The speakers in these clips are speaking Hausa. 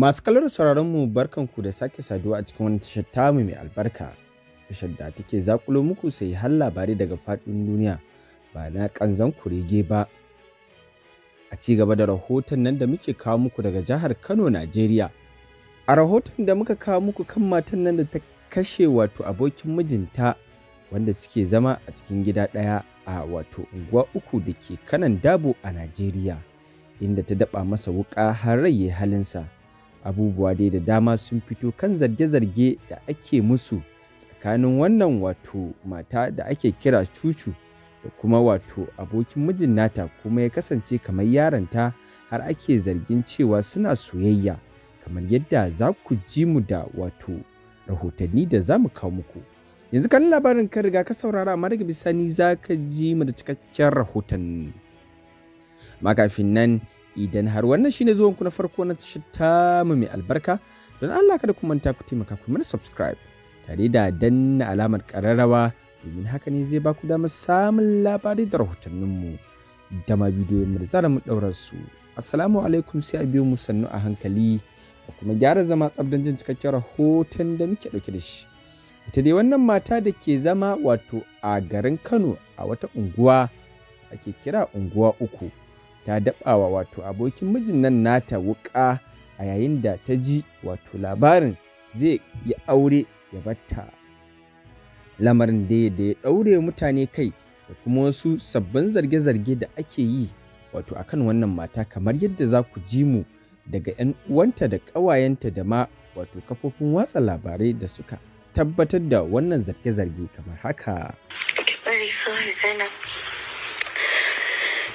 Masu kalar sauraron mu ku da sake saduwa a cikin wani tashar tamu mai albarka. Tashar da take zakulo muku sai har labari daga faɗin duniya ba na ƙanzan kurege ba. A ci gaba da rahoton nan da muke kawo muku daga jihar Kano, Najeriya. A rahoton da muka kawo muku kan matan nan da ta kashe wato abokin mijinta wanda suke zama a cikin gida ɗaya a wato unguwa uku da ke kanan dabo a Najeriya. Inda ta daɓa masa wuƙa har rai halinsa. abubuwa dai da dama sun fito kan zarge-zarge da ake musu tsakanin wannan wato mata da ake kira cucu da kuma wato abokin mijin nata kuma ya kasance kamar yaronta har ake zargin cewa suna soyayya kamar yadda za ku ji mu da wato rahotanni da za mu kawo muku yanzu kan labarin ka riga ka saurara amma daga bisani za ka ji mu da cikakken rahoton makafin nan idan har wannan shine zuwan ku na farko na tashar tamu mai albarka don Allah kada ku manta ku taimaka ku mana subscribe tare da danna alamar kararrawa domin haka ne zai ba ku damar samun labarai da rahotannin mu da ma bidiyoyinmu da zara mu ɗaura su assalamu alaikum sai a biyo mu sannu a hankali da kuma gyara zama tsabdan jin cikakken rahoton da muke ɗauke da shi ita dai wannan mata da ke zama wato a garin kano a wata unguwa ake kira unguwa uku ta daɓawa wato abokin mijin nan nata wuƙa a yayin da ta ji wato labarin zai yi aure ya batta lamarin da ya ɗaure mutane kai da kuma wasu sabbin zarge-zarge da ake yi wato akan wannan mata kamar yadda za ku ji mu daga 'yan uwanta da ƙawayenta da ma wato kafofin watsa labarai da suka tabbatar da wannan zarge-zarge kamar haka.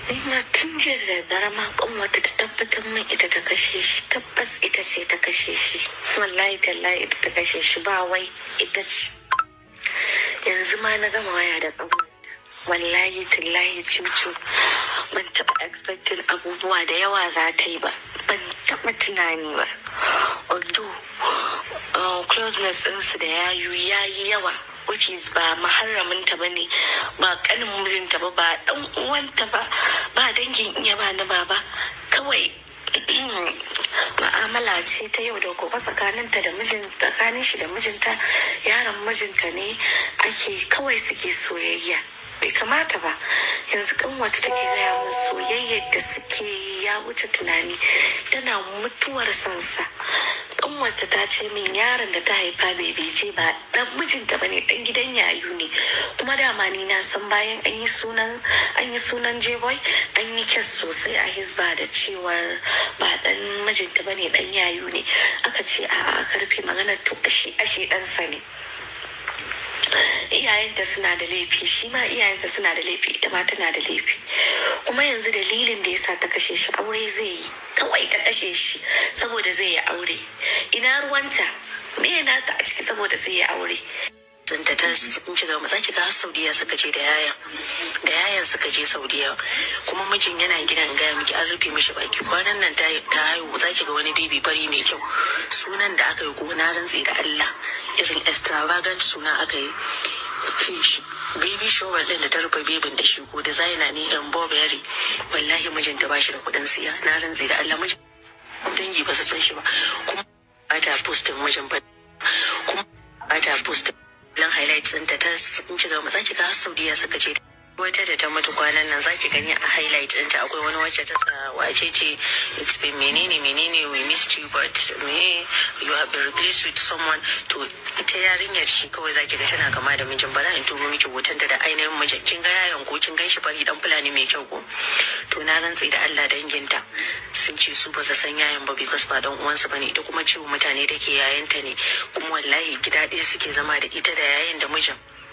ma tun jiya da daddare ma kanwata ta tabbatar min ita ta kashe shi tabbas ita ce ta kashe shi wallahi tallahi ita ta kashe shi ba wai ita ce yanzu ma na gama waya da kanwata wallahi tallahi cucu ban taba expecting abubuwa da yawa za ta yi ba ban taba tunani ba although uh, closeness ɗinsu da yayu yayi yawa which is ba maharaminta ba ne ba kanin mijinta ba ba dan uwanta ba ba dangin iya ba na baba kawai ma'amala ce ta yau da gobe tsakaninta da mijin tsakanin shi da mijinta yaron mijinta ne ake kawai suke soyayya bai kamata ba yanzu kanwata take gaya min soyayyar da suke ya wuce tunani tana mutuwar sansa kanwarsa ta ce min yaron da ta haifa bai bece ba dan mijinta bane dan gidan yayu ne kuma dama ni na san bayan an yi sunan an yi sunan jeboy an yi kyas sosai a hisba da cewar ba dan mijinta bane dan yayu ne aka ce a karfe maganar to ashe ashe dan ne iyayenta suna da laifi shi ma iyayensa suna da laifi ita ma tana da laifi kuma yanzu dalilin da yasa ta kashe shi aure zai yi kawai ta kashe shi saboda zai yi aure ina ruwanta me nata a ciki saboda zai yi aure zanta ta sun ci gaba ki ga saudiya suka je da yayan da yayan suka je saudiya kuma mijin yana gidan gaya miki an rufe mishi baki kwanan nan ta haihu za ki ga wani bibi fari mai kyau sunan da aka yi gona na rantse da allah irin extravagant suna aka yi baby shower din da ta rufe bebin da shi ko designer ne dan um, bobberry wallahi mijinta ta bashi da kudin siya na rantsi da Allah mijin dangi ba su san shi ba kuma ba ta postin mijin ba kuma ba ta postin lan highlights din ta sun ci mu matsa ki ga har Saudiya suka je wata da ta mutu kwanan nan zaki gani a highlight ɗinta akwai wani wacce ta sa wace ce it's been menene menene we missed you but me you have been replaced with someone to ita yarinyar shi kawai zaki ga tana kama da mijin bala in tuno miki hoton ta da ainihin mijin kin ga yayan ko kin gan shi fari dan fulani mai kyau ko to na rantsi da Allah danginta sun ce su ba su san yayan ba because ba dan uwansu bane ita kuma ce mutane take yayanta ne kuma wallahi gida ɗaya suke zama da ita da yayan da mijin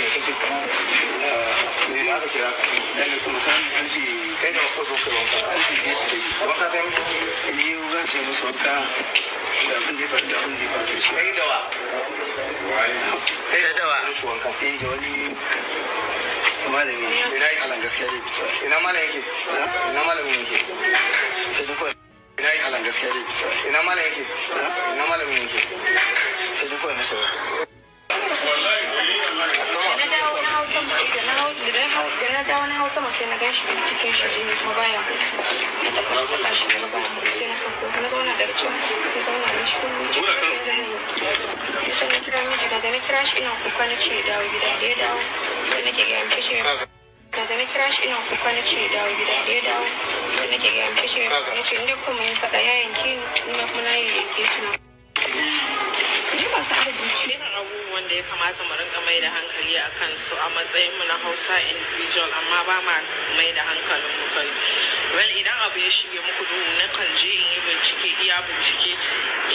ne kake kamar ne na kira ka dan kuma san alji kai da ko zo ka wanka alji ne ce wanka kai ni ga sai musu wanka da abin da ba da abin da ba kai da wa kai da wa kai da wani malami ina yi alan gaskiya dai bito ina malam yake ina malam yake ina yi alan gaskiya dai bito ina malam yake ina malam yake sai duk wani sauri sama da na da na dawo na hau sama sai na gan shi cikin shi jini kuma baya motsi na tafi shi kuma baya motsi na sauko na zauna da can na zauna da shi kuma jini sai da hanyi ya sai na daga na kira ina kuka na ce dawo gida da ya dawo sai nake gaya mishi shi daga na kira ina kuka na ce dawo gida da ya dawo sai nake gaya mishi shi ya ce inda kuma yin faɗa ya yanke ni kuma na yanke na. Ni ba sa adadin shi. da ya kamata mu rinka mai da hankali a su a matsayin mu na hausa individual amma ba ma mai da hankalin mu kai well idan abu ya shige muku duhu na kan je in yi bincike iya bincike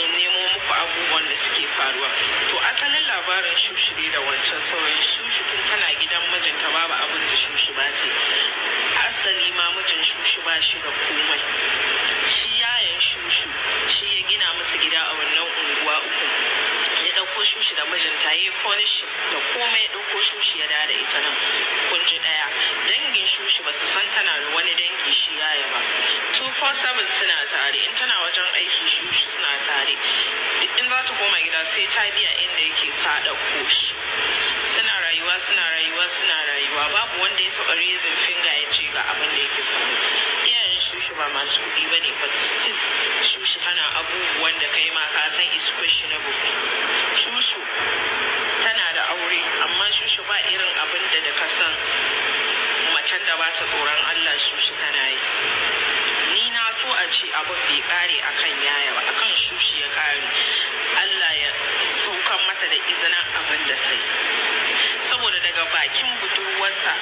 in nemo muku abubuwan da suke faruwa to asalin labarin shushi ne da wancan sauran shushi tun tana gidan mijinta babu abin da shushi ba ce asali ma mijin shushi ba shi da komai sai inda yake ka ɗauko shi suna rayuwa suna rayuwa suna rayuwa babu wanda ya saba raising finger ya ce ga abin da yake faru iyayen shushi ba masu kuɗi ba ne but still shushi tana abubuwan da kai ma ka san is questionable shushu tana da aure amma shushu ba irin abin da da ka san macen da ba ta tsoron Allah shushi tana yi ni na so a ce abin bai kare akan yaya ba akan shushi ya kare bakin budurwarta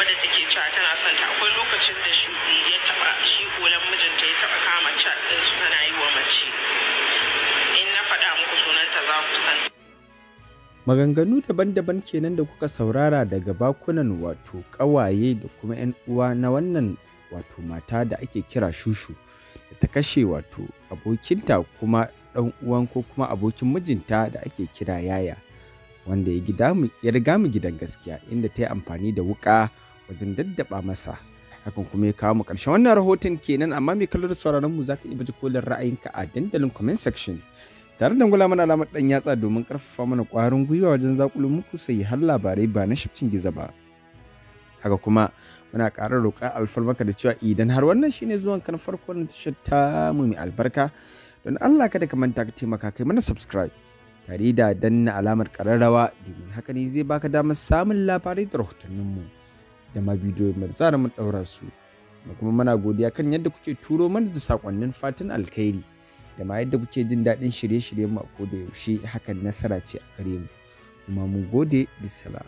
wadda take cewa tana son ta akwai lokacin da shi ya taba shi kolan mijinta ya taba kama chat din su tana yi wa mace in na faɗa muku sunanta za ku san maganganu daban-daban kenan da kuka saurara daga bakunan wato ƙawaye da kuma 'yan uwa na wannan wato mata da ake kira shushu da ta kashe wato abokinta kuma ɗan uwan ko kuma abokin mijinta da ake kira yaya wanda ya riga mu gidan gaskiya inda ta yi amfani da wuka wajen daddaba masa hakan kuma ya kawo mu karshe wannan rahoton kenan amma mai kallon sauraron mu zaka iya baje kolin ra'ayinka a dandalin comment section tare da gula mana alamar dan yatsa domin karfafa mana kwarin gwiwa wajen zakulu muku sai har labarai ba na shafcin giza ba haka kuma muna ƙara roƙa alfarmaka da cewa idan har wannan shine zuwan kan farko na tashar ta mu mai albarka don Allah kada ka manta ka taimaka kai mana subscribe tare da danna alamar kararrawa domin haka ne zai baka damar samun labarai da mu da ma bidiyo mai tsara mu daura su da kuma muna godiya kan yadda kuke turo mana da sakonnin fatan alkhairi da ma yadda kuke jin daɗin shirye-shiryen mu a koda yaushe hakan nasara ce a gare mu kuma mu gode bisala